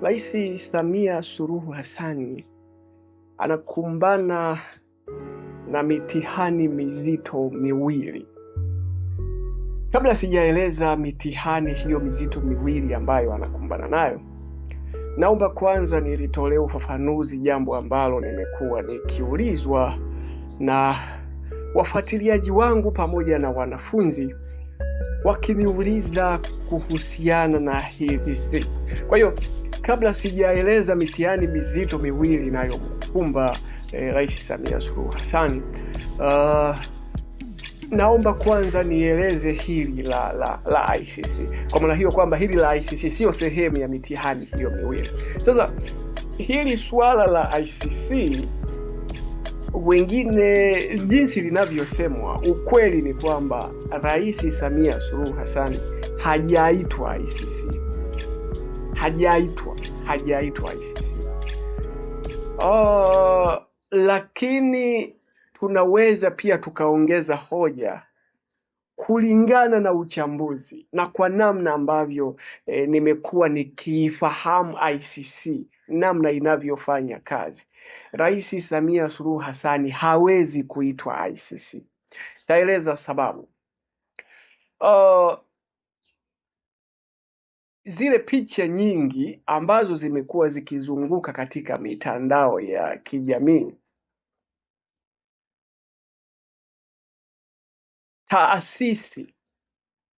Rais Samia Suluhu Hassan anakumbana na mitihani mizito miwili. Kabla sijaeleza mitihani hiyo mizito miwili ambayo anakumbana nayo, naomba kwanza nilitolee ufafanuzi jambo ambalo nimekuwa nikiulizwa na wafuatiliaji wangu pamoja na wanafunzi wakiniuliza kuhusiana na hizi siku. Kwa hiyo Kabla sijaeleza mitihani mizito miwili inayomkumba eh, Rais Samia Suluhu Hassan uh, naomba kwanza nieleze hili la la, la ICC kwa maana hiyo kwamba hili la ICC sio sehemu ya mitihani hiyo miwili. Sasa hili suala la ICC wengine, jinsi linavyosemwa, ukweli ni kwamba Rais Samia Suluhu Hassan hajaitwa ICC hajaitwa hajaitwa ICC. Uh, oh, lakini tunaweza pia tukaongeza hoja kulingana na uchambuzi na kwa namna ambavyo e, nimekuwa nikiifahamu ICC namna inavyofanya kazi. Rais Samia Suluhu Hasani hawezi kuitwa ICC. Taeleza sababu. Uh, zile picha nyingi ambazo zimekuwa zikizunguka katika mitandao ya kijamii, taasisi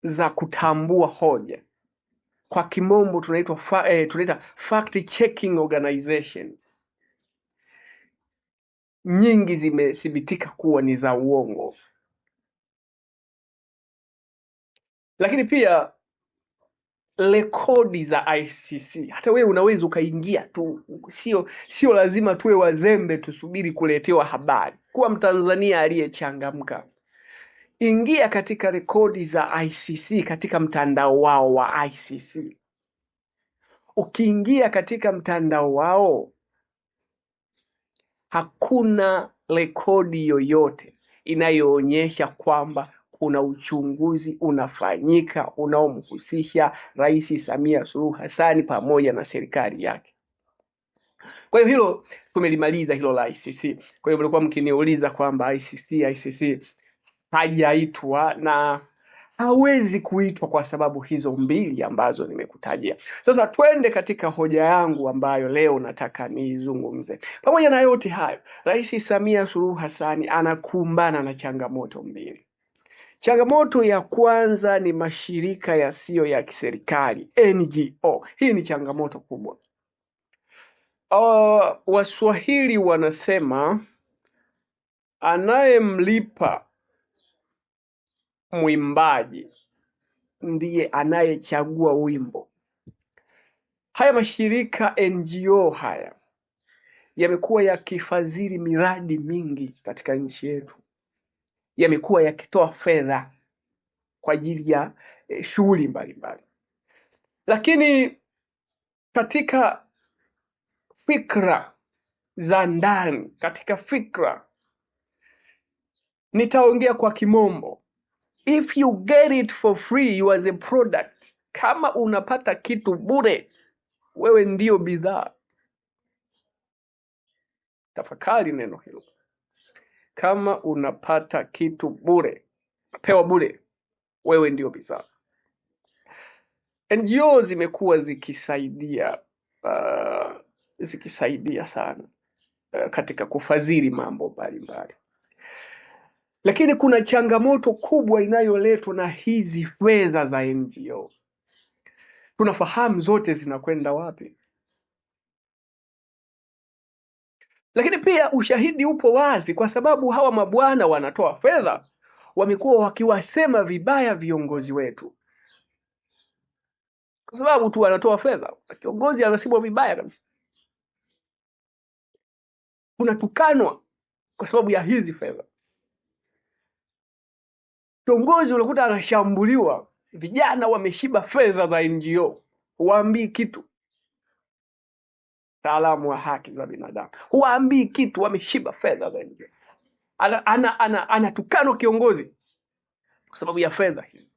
za kutambua hoja kwa kimombo tunaitwa fa, eh, tunaita fact checking organization nyingi zimethibitika kuwa ni za uongo, lakini pia rekodi za ICC. Hata wewe unaweza ukaingia tu, sio sio lazima tuwe wazembe tusubiri kuletewa habari. Kuwa Mtanzania aliyechangamka, ingia katika rekodi za ICC katika mtandao wao wa ICC. Ukiingia katika mtandao wao, hakuna rekodi yoyote inayoonyesha kwamba kuna uchunguzi unafanyika unaomhusisha Rais Samia Suluhu Hassan pamoja na serikali yake. Kwa hiyo hilo tumelimaliza hilo la ICC. Kwa hiyo mlikuwa mkiniuliza kwamba ICC ICC hajaitwa na hawezi kuitwa kwa sababu hizo mbili ambazo nimekutajia. Sasa twende katika hoja yangu ambayo leo nataka niizungumze. Pamoja na yote hayo, Rais Samia Suluhu Hassan anakumbana na changamoto mbili. Changamoto ya kwanza ni mashirika yasiyo ya kiserikali NGO. Hii ni changamoto kubwa. Uh, Waswahili wanasema anayemlipa mwimbaji ndiye anayechagua wimbo. Haya mashirika NGO haya yamekuwa yakifadhili miradi mingi katika nchi yetu yamekuwa yakitoa fedha kwa ajili ya eh, shughuli mbalimbali, lakini katika fikra za ndani, katika fikra, nitaongea kwa kimombo, if you get it for free you as a product. Kama unapata kitu bure, wewe ndio bidhaa. Tafakari neno hilo. Kama unapata kitu bure, pewa bure, wewe ndio bidhaa. NGO zimekuwa zikisaidia uh, zikisaidia sana uh, katika kufadhili mambo mbalimbali, lakini kuna changamoto kubwa inayoletwa na hizi fedha za NGO. Tunafahamu zote zinakwenda wapi? Lakini pia ushahidi upo wazi, kwa sababu hawa mabwana wanatoa fedha wamekuwa wakiwasema vibaya viongozi wetu, kwa sababu tu wanatoa fedha. Kiongozi anasemwa vibaya kabisa, unatukanwa kwa sababu ya hizi fedha. Kiongozi unakuta anashambuliwa, vijana wameshiba fedha za NGO, waambii kitu mtaalamu wa haki za binadamu, huwaambii kitu, wameshiba fedha za nje. Anatukanwa ana, ana, ana, kiongozi kwa sababu ya fedha hizi,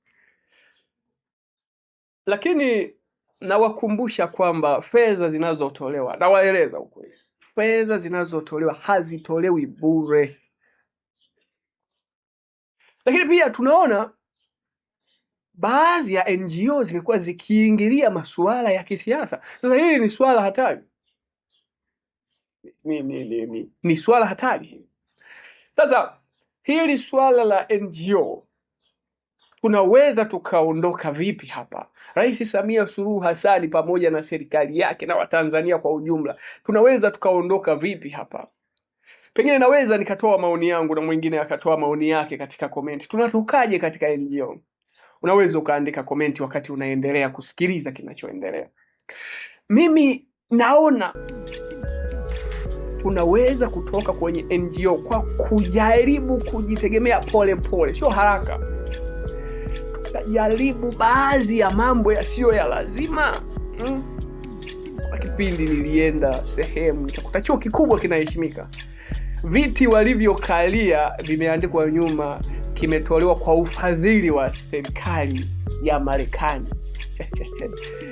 lakini nawakumbusha kwamba fedha zinazotolewa, nawaeleza ukweli, fedha zinazotolewa hazitolewi bure. Lakini pia tunaona baadhi ya NGO zimekuwa zikiingilia masuala ya kisiasa. Sasa hili ni swala hatari ni, ni, ni, ni, ni swala hatari hili. Sasa hili swala la NGO tunaweza tukaondoka vipi hapa? Rais Samia Suluhu Hassan pamoja na serikali yake na Watanzania kwa ujumla, tunaweza tukaondoka vipi hapa? Pengine naweza nikatoa maoni yangu na mwingine akatoa maoni yake katika komenti. Tunatokaje katika NGO? Unaweza ukaandika komenti wakati unaendelea kusikiliza kinachoendelea. Mimi naona unaweza kutoka kwenye ngo kwa kujaribu kujitegemea polepole sio haraka tutajaribu baadhi ya mambo yasiyo ya lazima hmm? kwa kipindi nilienda sehemu nikakuta chuo kikubwa kinaheshimika viti walivyokalia vimeandikwa nyuma kimetolewa kwa ufadhili wa serikali ya marekani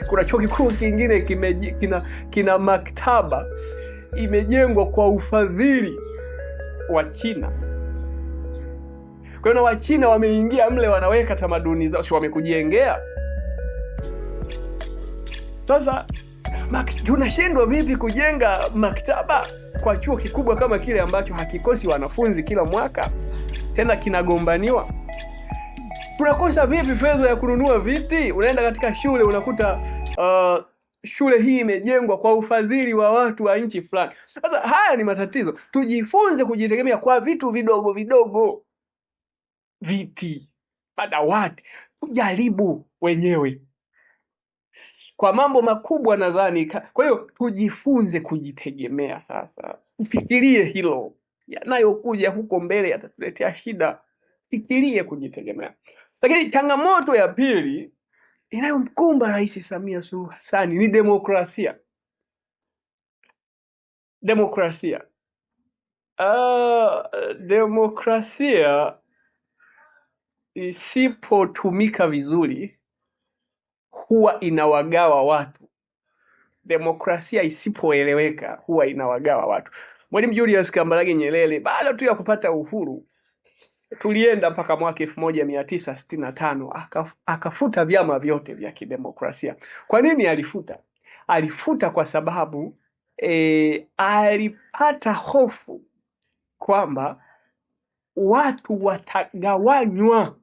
kuna chuo kikuu kingine kime, kina, kina maktaba imejengwa kwa ufadhili wa China. Kwa hiyo na Wachina wameingia mle, wanaweka tamaduni zao, wamekujengea. Sasa tunashindwa vipi kujenga maktaba kwa chuo kikubwa kama kile ambacho hakikosi wanafunzi kila mwaka, tena kinagombaniwa? Tunakosa vipi fedha ya kununua viti? Unaenda katika shule unakuta uh, shule hii imejengwa kwa ufadhili wa watu wa nchi fulani. Sasa haya ni matatizo. Tujifunze kujitegemea kwa vitu vidogo vidogo, viti, madawati, tujaribu wenyewe kwa mambo makubwa nadhani. Kwa hiyo tujifunze kujitegemea. Sasa ufikirie hilo, yanayokuja huko mbele yatatuletea shida. Fikirie kujitegemea. Lakini changamoto ya pili inayomkumba Rais Samia Suluhu Hassan ni demokrasia. Demokrasia, uh, demokrasia isipotumika vizuri huwa inawagawa watu. Demokrasia isipoeleweka huwa inawagawa watu. Mwalimu Julius Kambarage Nyerere baada tu ya kupata uhuru tulienda mpaka mwaka elfu moja mia tisa sitini na tano akafuta vyama vyote vya kidemokrasia. Kwa nini alifuta? Alifuta kwa sababu e, alipata hofu kwamba watu watagawanywa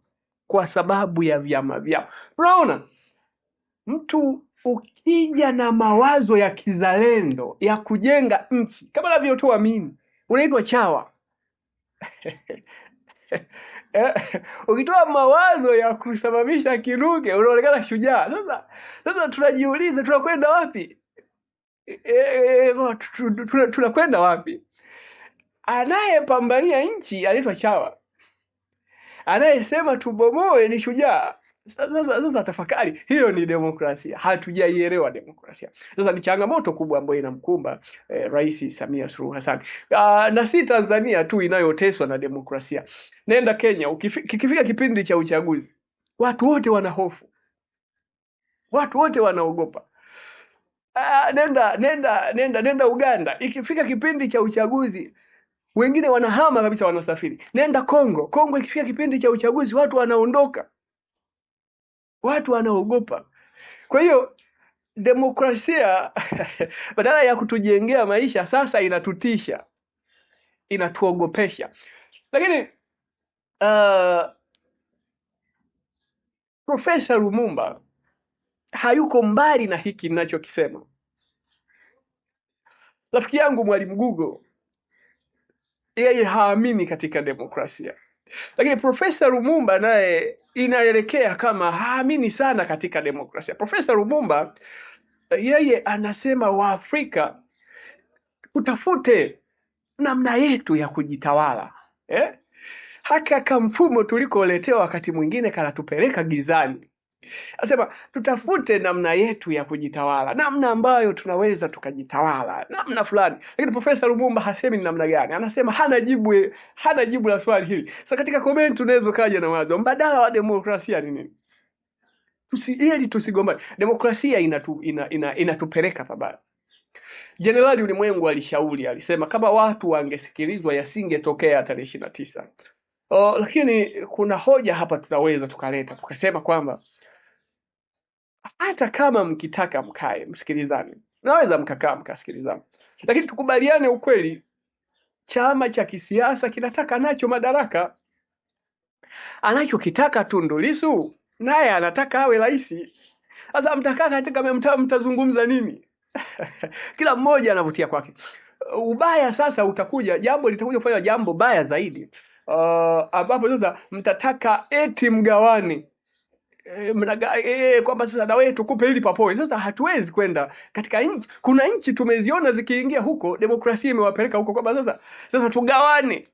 kwa sababu ya vyama vyao. Unaona, mtu ukija na mawazo ya kizalendo ya kujenga nchi kama navyotoa mimi, unaitwa chawa ukitoa mawazo ya kusababisha kiruke unaonekana shujaa. Sasa sasa tunajiuliza tunakwenda wapi? E, e, e, e oh, tunakwenda wapi? Anayepambania nchi anaitwa chawa, anayesema tubomoe ni shujaa. Sasa, sasa tafakari, hiyo ni demokrasia. Hatujaielewa demokrasia. Sasa ni changamoto kubwa ambayo inamkumba eh, Rais Samia Suluhu Hassan. Aa, ah, na si Tanzania tu inayoteswa na demokrasia. Nenda Kenya, ukifika kipindi cha uchaguzi, watu wote wana hofu, watu wote wanaogopa. Aa, ah, nenda nenda nenda nenda Uganda, ikifika kipindi cha uchaguzi wengine wanahama kabisa, wanasafiri. Nenda Kongo, Kongo ikifika kipindi cha uchaguzi watu wanaondoka watu wanaogopa. Kwa hiyo demokrasia badala ya kutujengea maisha sasa inatutisha, inatuogopesha. Lakini uh, Profesa Lumumba hayuko mbali na hiki ninachokisema. Rafiki yangu Mwalimu Gugo yeye haamini katika demokrasia. Lakini Profesa Lumumba naye inaelekea kama haamini sana katika demokrasia. Profesa Lumumba yeye anasema Waafrika tutafute namna yetu ya kujitawala eh? Haka kamfumo tulikoletewa wakati mwingine kanatupeleka gizani Asema tutafute namna yetu ya kujitawala, namna ambayo tunaweza tukajitawala namna fulani. Lakini Profesa Lumumba hasemi ni namna gani, anasema hana jibu, hana jibu la swali hili. Sasa katika comment unaweza kaja na wazo mbadala wa demokrasia ni nini? Tusi, ili tusigombane, demokrasia inatu, ina, ina, inatupeleka pabaya. Jenerali Ulimwengu alishauri, alisema kama watu wangesikilizwa yasingetokea tarehe ishirini na tisa. O, oh, lakini kuna hoja hapa tunaweza tukaleta tukasema kwamba hata kama mkitaka mkae msikilizane, naweza mkakaa mkasikilizana, lakini tukubaliane ukweli, chama cha kisiasa kinataka nacho madaraka. Anachokitaka Tundu Lissu naye anataka awe rais. Sasa mtakaa katika mtaa, mtazungumza nini? Kila mmoja anavutia kwake. Ubaya sasa utakuja, jambo litakuja kufanya jambo baya zaidi, uh, ambapo sasa mtataka eti mgawane Eh, eh, kwamba sasa na wewe tukupe hili papoe. Sasa hatuwezi kwenda katika nchi. Kuna nchi tumeziona zikiingia huko, demokrasia imewapeleka huko, kwamba sasa sasa tugawane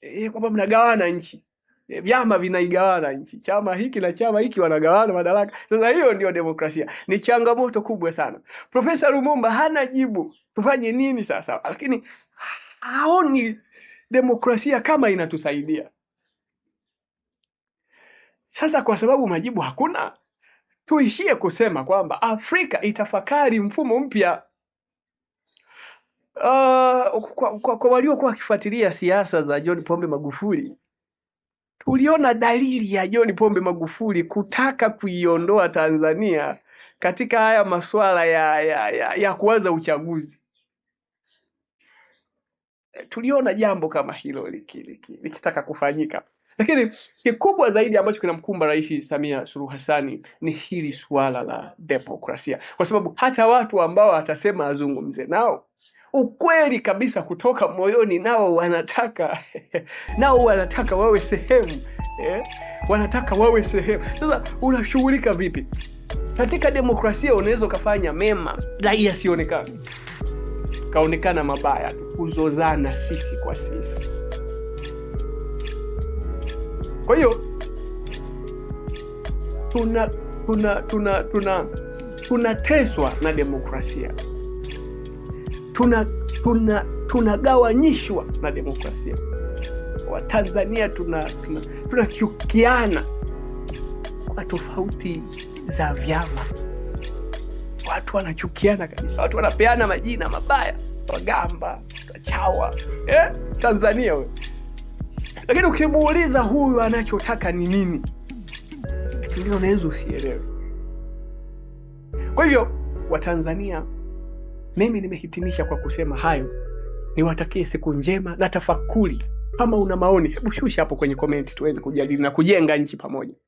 e, kwamba mnagawana nchi vyama vinaigawana nchi, chama hiki na chama hiki wanagawana madaraka. Sasa hiyo ndio demokrasia, ni changamoto kubwa sana. Profesa Lumumba hana jibu, tufanye nini sasa? Lakini haoni demokrasia kama inatusaidia. Sasa kwa sababu majibu hakuna, tuishie kusema kwamba Afrika itafakari mfumo mpya. Uh, kwa, kwa, kwa waliokuwa wakifuatilia siasa za John Pombe Magufuli tuliona dalili ya John Pombe Magufuli kutaka kuiondoa Tanzania katika haya masuala ya, ya, ya, ya kuwaza uchaguzi. Tuliona jambo kama hilo likitaka liki, liki kufanyika. Lakini kikubwa zaidi ambacho kinamkumba Rais Samia Suluhu Hassan ni hili suala la demokrasia, kwa sababu hata watu ambao atasema azungumze nao ukweli kabisa kutoka moyoni, nao wanataka nao wanataka wawe sehemu eh? wanataka wawe sehemu. Sasa unashughulika vipi katika demokrasia? Unaweza ukafanya mema rai yasionekana kaonekana mabaya, tukuzozana sisi kwa sisi kwa hiyo tuna tuna tuna tuna tunateswa na demokrasia tuna tuna tunagawanyishwa na demokrasia watanzania tunachukiana tuna, tuna, tuna kwa tofauti za vyama watu wanachukiana kabisa watu wanapeana majina mabaya wagamba wachawa eh? tanzania we lakini ukimuuliza huyu anachotaka ni nini, pengine unaweza usielewe. Kwa hivyo, Watanzania, mimi nimehitimisha kwa kusema hayo. Niwatakie siku njema na tafakuri. Kama una maoni, hebu shusha hapo kwenye komenti, tuweze kujadili na kujenga nchi pamoja.